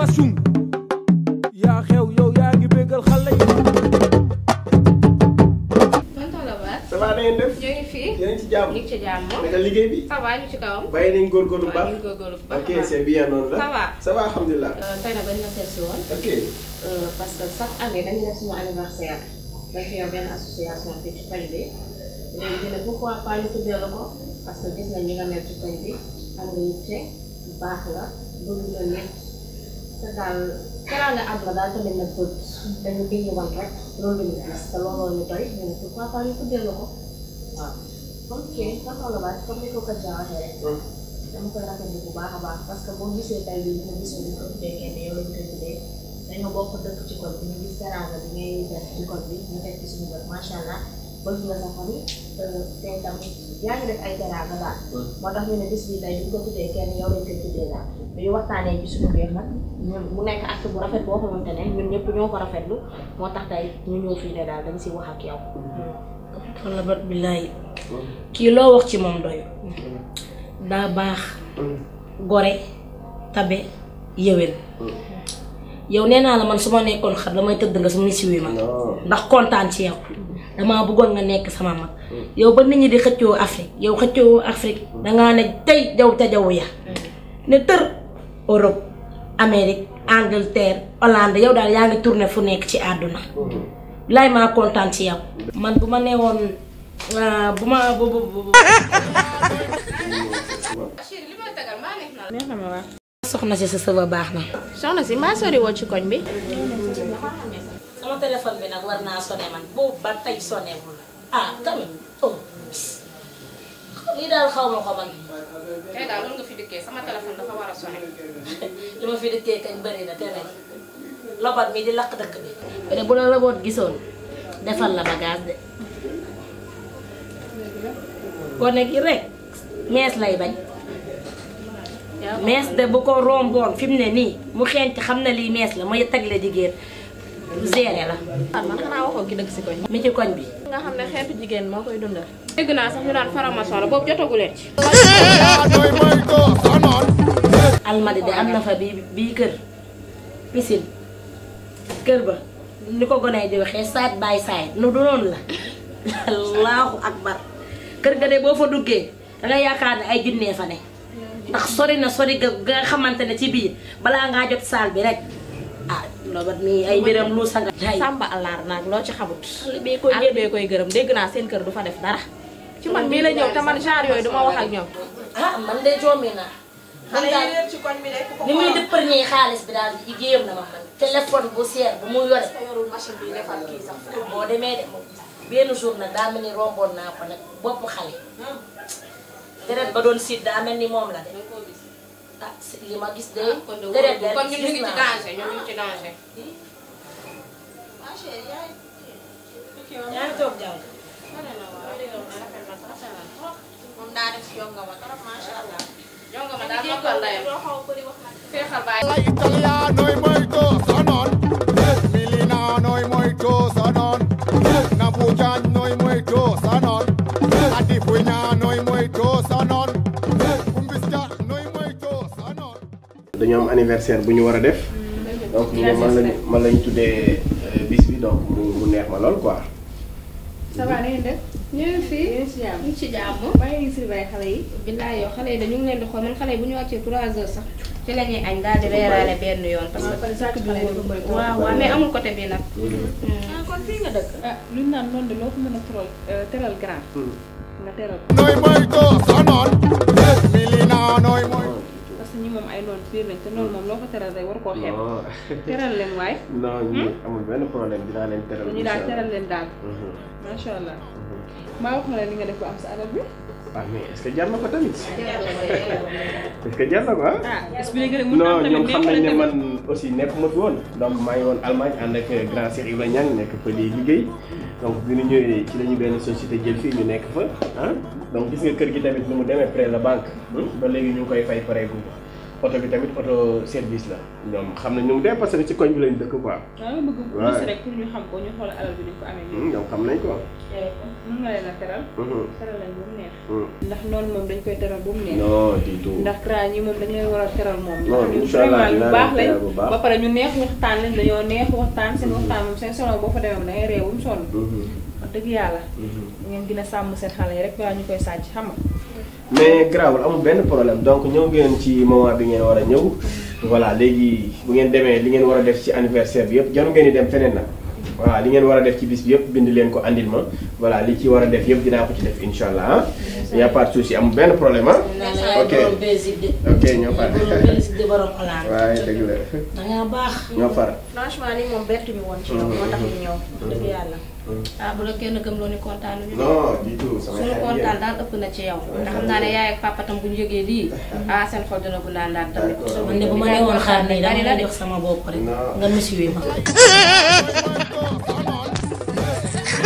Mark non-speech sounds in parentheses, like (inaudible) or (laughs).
basum yaa xew yow yaa ngi béggal xale yi. tonton Labasse. ça va def. ñoo ngi fi. liggéey bi. ça va ci kawam. bàyyi nañ góorgóorlu bu baax bàyyi nañ góorgóorlu bu baax. noonu la. ça va alhamdulilah. Euh, euh, parce que chaque année dañu def suñu anniversaire. dañu yor benn association fii ci koñ bi. léegi ñu ne pourquoi pas ñu tuddee la ko. parce que gis nañ nga mel ci koñ bi. am nga yitte baax la bëgg nga nekk. te daal teraanga àdduna daal te benn bët dañu dañu wan rek loolu la ñu gis te looloo ñu doy ñu ne pourquoi pas ñu tuddee la ko waaw ah. ok taxaw la baat comme ni ko ko waxee rek hmm. dama koy rafetlu bu baax a baax parce que boo gisee tay bi ñu gisee ñu ko tuddee kenn yow lañ koy tuddee dañoo bokk dëkk ci kon bi ñu gis teraanga bi ngay def ci kon bi ñu fekk suñu bët macha allah bëgg nga sa famille euh, moo tax mu nekk acte bu rafet boo xamante ne ñun ñëpp ñoo ko rafetlu moo tax tey ñu ñëw fii daal dañ si wax ak yow. kon bat billaay kii loo wax ci moom doy daa baax gore tabe yëwén yow nee naa la man su ma nekkoon xat damay tëdd nga su ma ni ndax kontaan ci yow dama bëggoon nga nekk sama mak, hmm. yow ba nit ñi di xëccoo Afrique yow xëccoo Afrique hmm. nga ne tay jaw ta jaw ya hmm. ne teur Europe amerique Angleterre Hollande yow daal ya nga tourner fu nekk ci aduna lay ma contente ci yow man bu ma ah, buma bu bu bu bu (laughs) soxna si sa sëba baax soxna si sori ci koñ bi sama téléphone bi nag war naa sonné man boobu ba tey sonné wul ah tamit oh lii daal xaw ma ko man. tey daal loolu nga fi dikkee sama téléphone dafa war a sonné. (laughs) li ma fi dikkee kañ bëri na te nag lobat mi di lakk dëkk bi. bu la loboot gisoon defal la bagage de. gone gi rek mees lay bañ. mees de bu ko romboon fi mu ne nii mu xeenti xam na lii mees la mooy tagle jigéen. géré la. waaw ah, man xanaa mi ci koñ bi. nga xam ne xeetu jigéen moo koy dundal. dégg naa sax ñu naan formation boobu jotagu leen ci. almadi de am na fa bii bii kër piscine kër ba ni ko gone di waxee saat baay saay nu du noonu la (laughs) allahu akbar kër ga de boo fa duggee danga yaakaar ne ay junnee fa ne ndax sori na sori ga nga xamante ne ci biir balaa ngaa jot saal bi rek nobat mi ay mbiram lu sanga sàmba alaar naa loo ci xamut àll bee koy gërëm dégg naa seen kër du fa def dara ci man mii la ñëw te man genre yooyu duma wax ak ñoom ah man de joomi naa man daal ni muy dëppër ñii xaalis bi daal yéem na ma man téléphone bu seer bu mu yore boo demee benn jour nag daa mel naa ko nag bopp xale hmm. li ma gis de. kon de kon ñu ngi ci danger ñu ngi ci danger. yaa ngi toog jàll. moom daa def dañoo am anniversaire bu ñu war a def. Mm. donc ñu ne man lañ man lañ tuddee euh, bis bi donc mu neex ma lool quoi. ça va na ngeen ñu ngi fi ñu ngi si jàmm ñu ngi si jàmm. xale yi. billaay yoo xale yi dañu ngi leen di xool man xale yi bu ñu wàccee 3 heures sax ci la ñuy añ daal di reeraale benn yoon. parce que saako bi moom waaw waaw mais nag. Mm-hmm. Mm. Ah, ah, lu ñu naan de loo ko mën a trop euh, teral grand. Mm. nga teral. nooy moytu sonal. mi nooy moytu. parce que ñi moom ay noonu biir lañ te noonu moom loo ko teral day teral leen waay. (laughs) non ñi hmm? amul benn problème dinaa leen teral. incha allah dañuy daal teral leen daal. Mhm. macha allah. Mhm. maa ma nga li nga def ba am sa alal bi. waaw ah, mais est-ce que jar na ko tamit est que jar na ko ah. ñoom xam nañ ne man aussi nekkuma ma woon. donc maa ngi woon Allemagne ànd ak grand Cheikh Ibrahima Niang nekk fa di liggéey donc bi ñu ñëwee ci la ñu benn société jël fii ñu nekk fa ah donc gis nga kër gi tamit nu mu demee près la banque. ba léegi ñu koy fay pareegu. oto bi tamit oto service la ñoom xam nañ ñoom dee parce que ci koñ bi lañ dëkk quoi. waaw ko gis rek pour xam ko ko amee. Hmm, ñoom xam nañ eh, teral. Hmm. teral lañ bu mu neex. Hmm. ndax noonu moom dañ koy teral bu mu neex. ndax CRA ñi moom dañ leen war a teral moom. non incha allah ñu baax lañ ba pare ñu neex waxtaan lañ dañoo neex waxtaan seen waxtaan moom seen solo boo fa demee da ngay réewum dëgg yàlla. ngeen gën a sàmm seen xale yi rek waaye ñu koy sàcc xam mais garaawul amul benn problème donc ñëw ngeen ci moment bi ngeen war a ñëw voilà léegi bu ngeen demee li ngeen war a def ci anniversaire bi yëpp jaru ngeen di dem feneen nag. voilà li ngeen war a def ci bis bi yëpp bind leen ko andil ma voilà li ci war a def yëpp dinaa ko ci def incha allah y' a pas de souci amul benn problème ah. ok ok ñoo far. waaye dëgg la. da nga baax. ñoo far. franchement ni moom bett ñu woon ci yow. moo tax ñu ñëw. dëgg mm-hmm. yàlla. Mm-hmm. ah bu la kenn gëm loo ni kontaanu ñu. non du tout sama suñu kontaan daal ëpp na ci yow. ndax xam naa ne mm-hmm. yaay ak papa tam bu ñu jógee lii. ah seen xol dina bu naan daal tamit. man de bu ma ne woon xaar nii dama lay jox sama bopp rek. nga misiwee ma. (laughs)